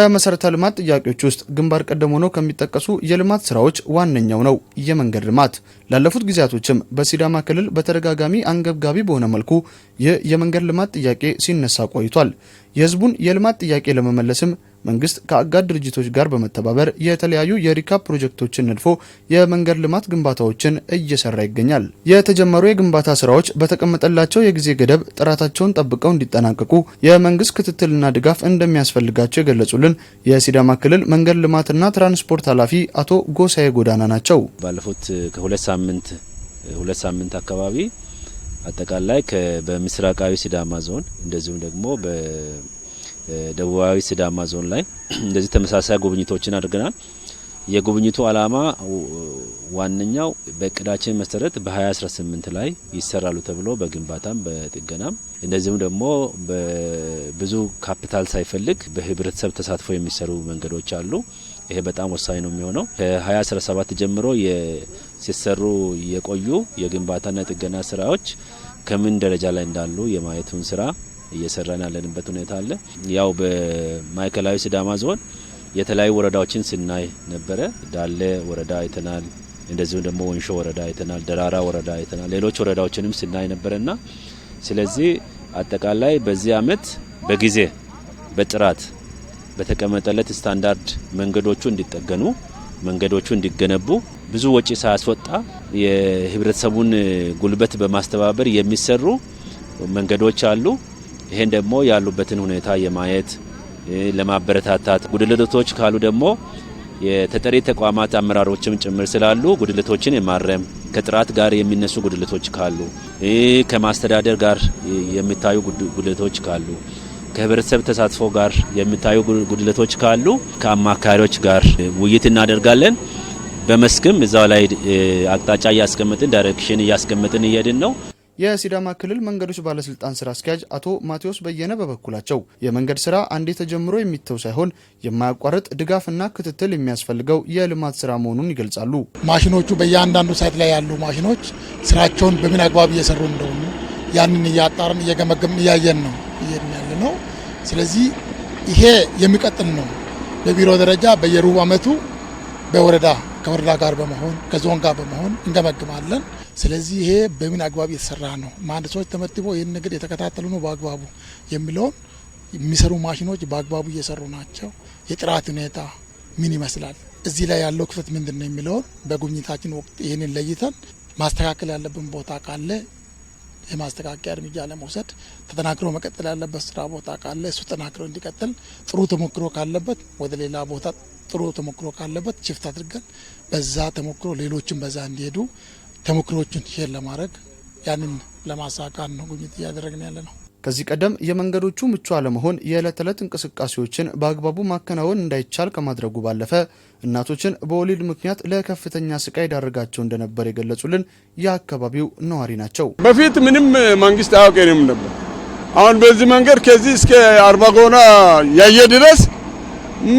ከመሰረተ ልማት ጥያቄዎች ውስጥ ግንባር ቀደም ሆኖ ከሚጠቀሱ የልማት ስራዎች ዋነኛው ነው የመንገድ ልማት። ላለፉት ጊዜያቶችም በሲዳማ ክልል በተደጋጋሚ አንገብጋቢ በሆነ መልኩ ይህ የመንገድ ልማት ጥያቄ ሲነሳ ቆይቷል። የህዝቡን የልማት ጥያቄ ለመመለስም መንግስት ከአጋር ድርጅቶች ጋር በመተባበር የተለያዩ የሪካፕ ፕሮጀክቶችን ነድፎ የመንገድ ልማት ግንባታዎችን እየሰራ ይገኛል። የተጀመሩ የግንባታ ስራዎች በተቀመጠላቸው የጊዜ ገደብ ጥራታቸውን ጠብቀው እንዲጠናቀቁ የመንግስት ክትትልና ድጋፍ እንደሚያስፈልጋቸው የገለጹልን የሲዳማ ክልል መንገድ ልማትና ትራንስፖርት ኃላፊ አቶ ጎሳዬ ጎዳና ናቸው። ባለፉት ከሁለት ሳምንት ሁለት ሳምንት አካባቢ አጠቃላይ በምስራቃዊ ሲዳማ ዞን እንደዚሁም ደግሞ ደቡባዊ ሲዳማ ዞን ላይ እንደዚህ ተመሳሳይ ጉብኝቶችን አድርገናል። የጉብኝቱ ዓላማ ዋነኛው በእቅዳችን መሰረት በ2018 ላይ ይሰራሉ ተብሎ በግንባታም በጥገናም እንደዚሁም ደግሞ ብዙ ካፒታል ሳይፈልግ በህብረተሰብ ተሳትፎ የሚሰሩ መንገዶች አሉ። ይሄ በጣም ወሳኝ ነው የሚሆነው ከ2017 ጀምሮ ሲሰሩ የቆዩ የግንባታና የጥገና ስራዎች ከምን ደረጃ ላይ እንዳሉ የማየቱን ስራ እየሰራን ያለንበት ሁኔታ አለ። ያው በማዕከላዊ ሲዳማ ዞን የተለያዩ ወረዳዎችን ስናይ ነበረ። ዳሌ ወረዳ አይተናል፣ እንደዚሁም ደግሞ ወንሾ ወረዳ አይተናል፣ ደራራ ወረዳ አይተናል፣ ሌሎች ወረዳዎችንም ስናይ ነበረና ስለዚህ አጠቃላይ በዚህ አመት በጊዜ በጥራት በተቀመጠለት ስታንዳርድ መንገዶቹ እንዲጠገኑ መንገዶቹ እንዲገነቡ ብዙ ወጪ ሳያስወጣ የህብረተሰቡን ጉልበት በማስተባበር የሚሰሩ መንገዶች አሉ። ይሄን ደግሞ ያሉበትን ሁኔታ የማየት ለማበረታታት፣ ጉድለቶች ካሉ ደግሞ የተጠሪ ተቋማት አመራሮችም ጭምር ስላሉ ጉድለቶችን የማረም ከጥራት ጋር የሚነሱ ጉድለቶች ካሉ ከማስተዳደር ጋር የሚታዩ ጉድለቶች ካሉ ከህብረተሰብ ተሳትፎ ጋር የሚታዩ ጉድለቶች ካሉ ከአማካሪዎች ጋር ውይይት እናደርጋለን። በመስክም እዛው ላይ አቅጣጫ እያስቀምጥን ዳይሬክሽን እያስቀምጥን እየድን ነው። የሲዳማ ክልል መንገዶች ባለስልጣን ስራ አስኪያጅ አቶ ማቴዎስ በየነ በበኩላቸው የመንገድ ስራ አንዴ ተጀምሮ የሚተው ሳይሆን የማያቋርጥ ድጋፍና ክትትል የሚያስፈልገው የልማት ስራ መሆኑን ይገልጻሉ። ማሽኖቹ በእያንዳንዱ ሳይት ላይ ያሉ ማሽኖች ስራቸውን በምን አግባብ እየሰሩ እንደሆኑ ያንን እያጣርን እየገመገምን እያየን ነው ያለ ነው። ስለዚህ ይሄ የሚቀጥል ነው። በቢሮ ደረጃ በየሩብ ዓመቱ በወረዳ ከወረዳ ጋር በመሆን ከዞን ጋር በመሆን እንገመግማለን። ስለዚህ ይሄ በምን አግባብ የተሰራ ነው፣ ማን ሰዎች ተመድቦ ይህን ነገር የተከታተሉ ነው በአግባቡ የሚለውን የሚሰሩ ማሽኖች በአግባቡ እየሰሩ ናቸው። የጥራት ሁኔታ ምን ይመስላል፣ እዚህ ላይ ያለው ክፍተት ምንድን ነው የሚለውን በጉብኝታችን ወቅት ይህንን ለይተን ማስተካከል ያለብን ቦታ ካለ የማስተካከያ እርምጃ ለመውሰድ ተጠናክሮ መቀጠል ያለበት ስራ ቦታ ካለ እሱ ተጠናክሮ እንዲቀጥል፣ ጥሩ ተሞክሮ ካለበት ወደ ሌላ ቦታ ጥሩ ተሞክሮ ካለበት ሽፍት አድርገን በዛ ተሞክሮ ሌሎችም በዛ እንዲሄዱ ተሞክሮዎችን ሼር ለማድረግ ያንን ለማሳካት ነው ጉብኝት እያደረግን ያለ ነው። ከዚህ ቀደም የመንገዶቹ ምቹ አለመሆን የዕለት ተዕለት እንቅስቃሴዎችን በአግባቡ ማከናወን እንዳይቻል ከማድረጉ ባለፈ እናቶችን በወሊድ ምክንያት ለከፍተኛ ስቃይ ዳረጋቸው እንደነበር የገለጹልን የአካባቢው ነዋሪ ናቸው። በፊት ምንም መንግስት አያውቀንም ነበር። አሁን በዚህ መንገድ ከዚህ እስከ አርባ ጎና ያየ ድረስ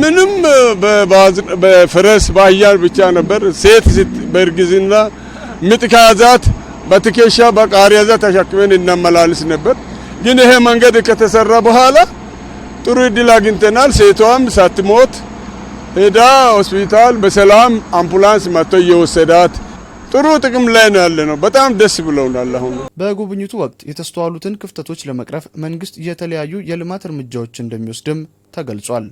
ምንም በፈረስ በአህያ ብቻ ነበር ሴት በእርግዝና ምጥ ከያዛት በትከሻ በቃሪያ ይዘን ተሸክመን እናመላልስ ነበር። ግን ይሄ መንገድ ከተሰራ በኋላ ጥሩ እድል አግኝተናል። ሴቷም ሳትሞት ሄዳ ሆስፒታል በሰላም አምቡላንስ መጥቶ እየወሰዳት ጥሩ ጥቅም ላይ ነው ያለ ነው። በጣም ደስ ብለውናል። አሁን በጉብኝቱ ወቅት የተስተዋሉትን ክፍተቶች ለመቅረፍ መንግስት የተለያዩ የልማት እርምጃዎች እንደሚወስድም ተገልጿል።